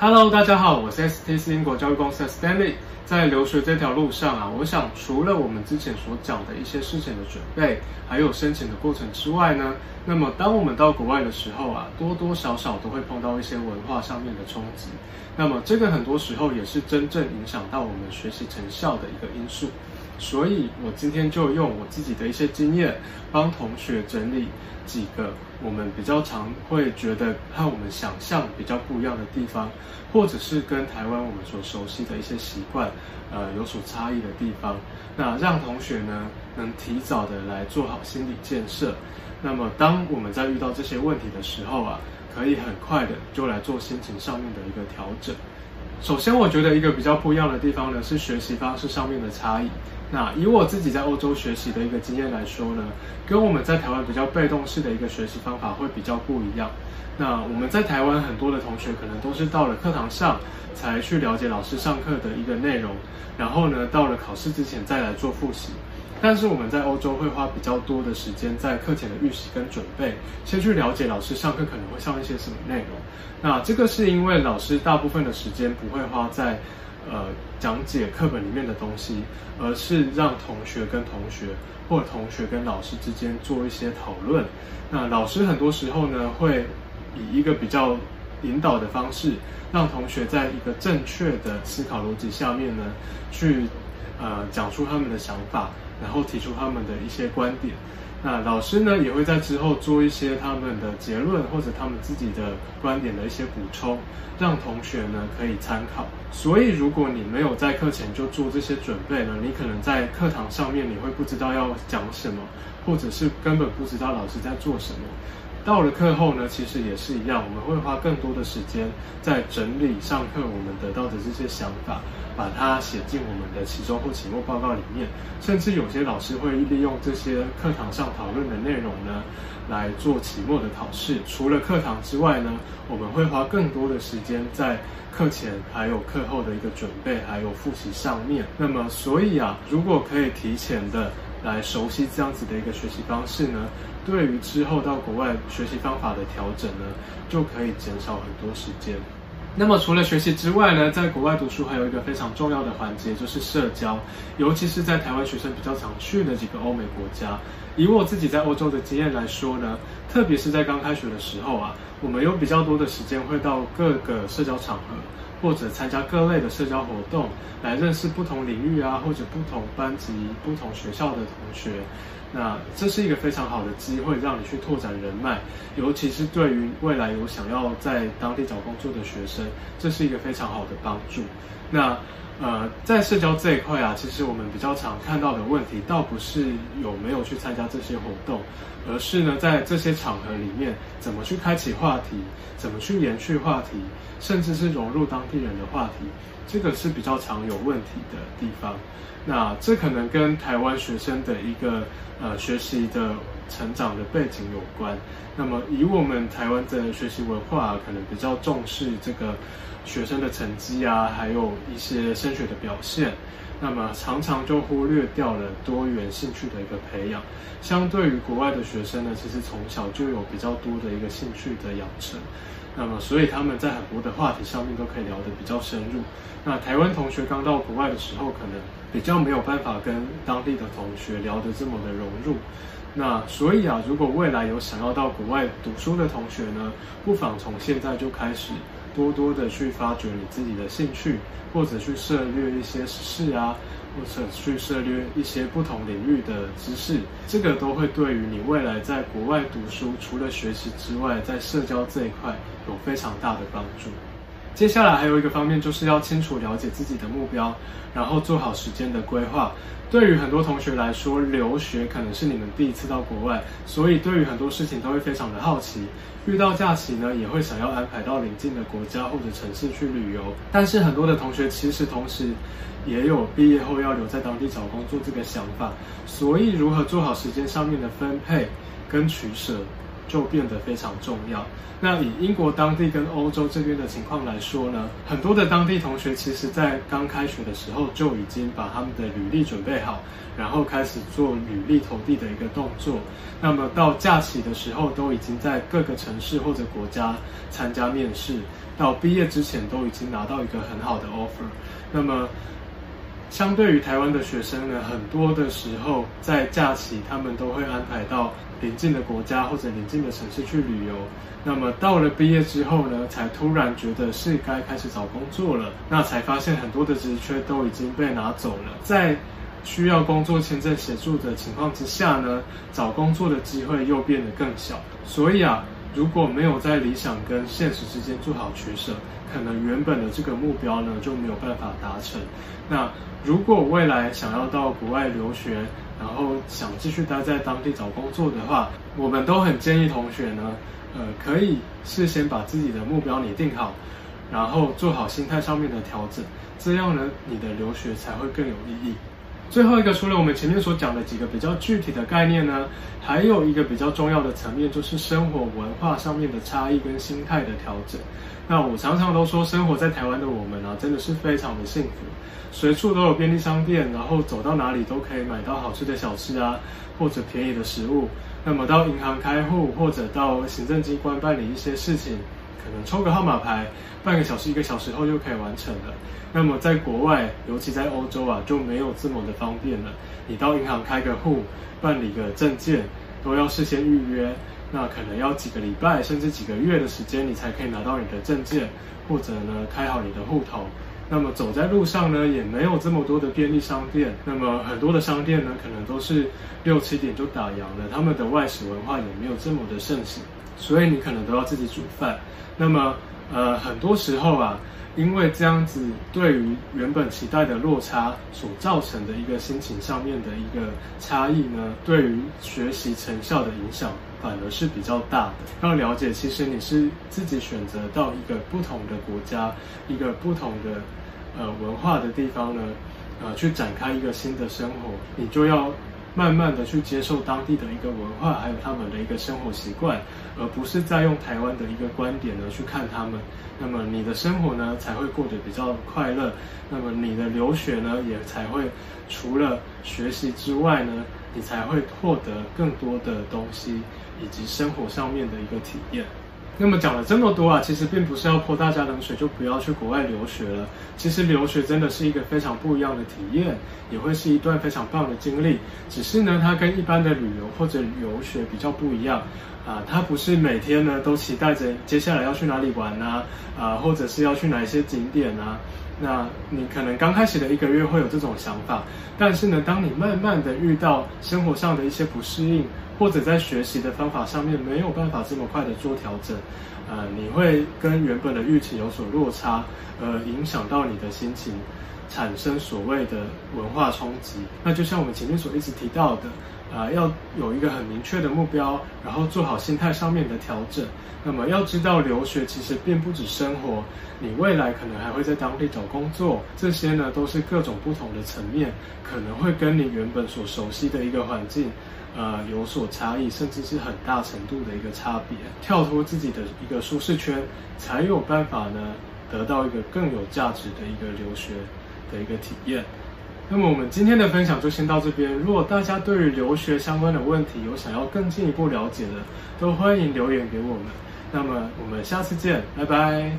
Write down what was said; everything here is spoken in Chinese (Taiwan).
Hello，大家好，我是 STC 英國教育公司的 Stanley。在留學這條路上啊，我想除了我們之前所講的一些事情的準備，還有申請的過程之外呢，那麼當我們到國外的時候啊，多多少少都會碰到一些文化上面的衝擊。那麼這個很多時候也是真正影響到我們學習成效的一個因素。所以，我今天就用我自己的一些經驗，幫同學整理幾個我們比較常會覺得和我們想象比較不一樣的地方，或者是跟台灣我們所熟悉的一些習慣，呃，有所差異的地方。那讓同學呢，能提早的來做好心理建設。那麼，當我們在遇到這些問題的時候啊，可以很快的就來做心情上面的一個調整。首先，我覺得一個比較不一樣的地方呢，是學習方式上面的差異。那以我自己在歐洲學習的一個經驗來說呢，跟我們在台灣比較被動式的一個學習方法會比較不一樣。那我們在台灣很多的同學可能都是到了課堂上才去了解老師上課的一個內容，然後呢，到了考試之前再來做複習。但是我們在歐洲會花比較多的時間在課前的預習跟準備，先去了解老師上課可能會上一些什麼內容。那這個是因為老師大部分的時間不會花在，呃，講解課本裡面的東西，而是讓同學跟同學或同學跟老師之間做一些討論。那老師很多時候呢會以一個比較引導的方式，讓同學在一個正確的思考邏輯下面呢去呃講出他們的想法。然後提出他們的一些觀點，那老師呢也會在之後做一些他們的結論或者他們自己的觀點的一些補充，讓同學呢可以參考。所以，如果你沒有在課前就做這些準備呢，你可能在課堂上面你會不知道要講什麼，或者是根本不知道老師在做什麼。到了課後呢，其實也是一樣，我們會花更多的時間在整理上課我們得到的這些想法，把它寫進我們的期中或期末報告裡面。甚至有些老師會利用這些課堂上討論的內容呢，來做期末的考試。除了課堂之外呢，我們會花更多的時間在課前還有課後的一個準備，還有複習上面。那麼，所以啊，如果可以提前的。來熟悉這樣子的一個學習方式呢，對於之後到國外學習方法的調整呢，就可以減少很多時間。那麼除了學習之外呢，在國外讀書還有一個非常重要的環節，就是社交，尤其是在台灣學生比較常去的幾個歐美國家。以我自己在歐洲的經驗來說呢，特別是在剛開學的時候啊，我們有比較多的時間會到各個社交場合，或者參加各類的社交活動，來認識不同領域啊，或者不同班級、不同學校的同學。那這是一個非常好的機會，讓你去拓展人脈，尤其是對於未來有想要在當地找工作的學生，這是一個非常好的幫助。那呃，在社交這一塊啊，其實我們比較常看到的問題，倒不是有沒有去參加。這些活動，而是呢，在這些場合裡面，怎麼去開啟話題，怎麼去延續話題，甚至是融入當地人的話題，這個是比較常有問題的地方。那這可能跟台灣學生的一個呃學習的。成長的背景有關，那麼以我們台灣的學習文化啊，可能比較重視這個學生的成績啊，還有一些升學的表現，那麼常常就忽略掉了多元興趣的一個培養。相對於國外的學生呢，其實從小就有比較多的一個興趣的養成。那麼，所以他們在很多的話題上面都可以聊得比較深入。那台灣同學剛到國外的時候，可能比較沒有辦法跟當地的同學聊得這麼的融入。那所以啊，如果未來有想要到國外讀書的同學呢，不妨從現在就開始多多的去發掘你自己的興趣，或者去涉獵一些事啊。去涉獵一些不同領域的知識，這個都會對於你未來在國外讀書，除了學習之外，在社交這一塊有非常大的幫助。接下來還有一個方面，就是要清楚了解自己的目標，然後做好時間的規劃。對於很多同學來說，留學可能是你們第一次到國外，所以對於很多事情都會非常的好奇。遇到假期呢，也會想要安排到鄰近的國家或者城市去旅遊。但是很多的同學其實同時也有畢業後要留在當地找工作這個想法，所以如何做好時間上面的分配跟取捨，就變得非常重要。那以英國當地跟歐洲這邊的情況來說呢，很多的當地同學其實，在剛開學的時候就已經把他們的履歷準備好，然後開始做履歷投遞的一個動作。那麼到假期的時候，都已經在各個城市或者國家參加面試，到畢業之前都已經拿到一個很好的 offer。那麼相對於台灣的學生呢，很多的時候在假期，他們都會安排到鄰近的國家或者鄰近的城市去旅遊。那麼到了畢業之後呢，才突然覺得是該開始找工作了，那才發現很多的職缺都已經被拿走了。在需要工作簽證協助的情況之下呢，找工作的機會又變得更小。所以啊。如果沒有在理想跟現實之間做好取捨，可能原本的這個目標呢，就沒有辦法達成。那如果未來想要到國外留學，然後想繼續待在當地找工作的話，我們都很建議同學呢，呃，可以事先把自己的目標擬定好，然後做好心態上面的調整，這樣呢，你的留學才會更有意義。最後一個，除了我們前面所講的幾個比較具體的概念呢，還有一個比較重要的層面，就是生活文化上面的差異跟心態的調整。那我常常都說，生活在台灣的我們啊，真的是非常的幸福，隨處都有便利商店，然後走到哪裡都可以買到好吃的小吃啊，或者便宜的食物。那麼到銀行開戶或者到行政機關辦理一些事情，可能抽個號碼牌，半個小時、一個小時後就可以完成了。那麼在國外，尤其在歐洲啊，就沒有這麼的方便了。你到銀行開個戶、辦理個證件，都要事先預約，那可能要幾個禮拜甚至幾個月的時間，你才可以拿到你的證件，或者呢開好你的戶頭。那麼走在路上呢，也沒有這麼多的便利商店。那麼很多的商店呢，可能都是六七點就打烊了，他們的外食文化也沒有這麼的盛行。所以你可能都要自己煮飯。那麼，呃，很多時候啊，因為這樣子對於原本期待的落差所造成的一個心情上面的一個差異呢，對於學習成效的影響反而是比較大的。要了解，其實你是自己選擇到一個不同的國家、一個不同的呃文化的地方呢，呃，去展開一個新的生活，你就要，慢慢的去接受當地的一個文化，還有他們的一個生活習慣，而不是再用台灣的一個觀點呢去看他們，那麼你的生活呢才會過得比較快樂，那麼你的留學呢也才會除了學習之外呢，你才會獲得更多的東西，以及生活上面的一個體驗。那麼講了這麼多啊，其實並不是要潑大家冷水，就不要去國外留學了。其實留學真的是一個非常不一樣的體驗，也會是一段非常棒的經歷。只是呢，它跟一般的旅遊或者遊學比較不一樣，啊，它不是每天呢都期待着接下來要去哪裡玩吶，啊，啊，或者是要去哪一些景點吶，啊。那你可能剛開始的一個月會有這種想法，但是呢，當你慢慢的遇到生活上的一些不適應，或者在學習的方法上面沒有辦法這麼快的做調整，呃，你會跟原本的預期有所落差，呃，影響到你的心情，產生所謂的文化衝擊。那就像我們前面所一直提到的。啊、呃，要有一個很明確的目標，然後做好心態上面的調整。那麼要知道，留學其實並不止生活，你未來可能還會在當地找工作，這些呢都是各種不同的層面，可能會跟你原本所熟悉的一個環境，呃，有所差異，甚至是很大程度的一個差別。跳脫自己的一個舒適圈，才有辦法呢得到一個更有價值的一個留學的一個體驗。那麼我們今天的分享就先到這邊。如果大家對於留學相關的問題有想要更進一步了解的，都歡迎留言給我們。那麼我們下次見，拜拜。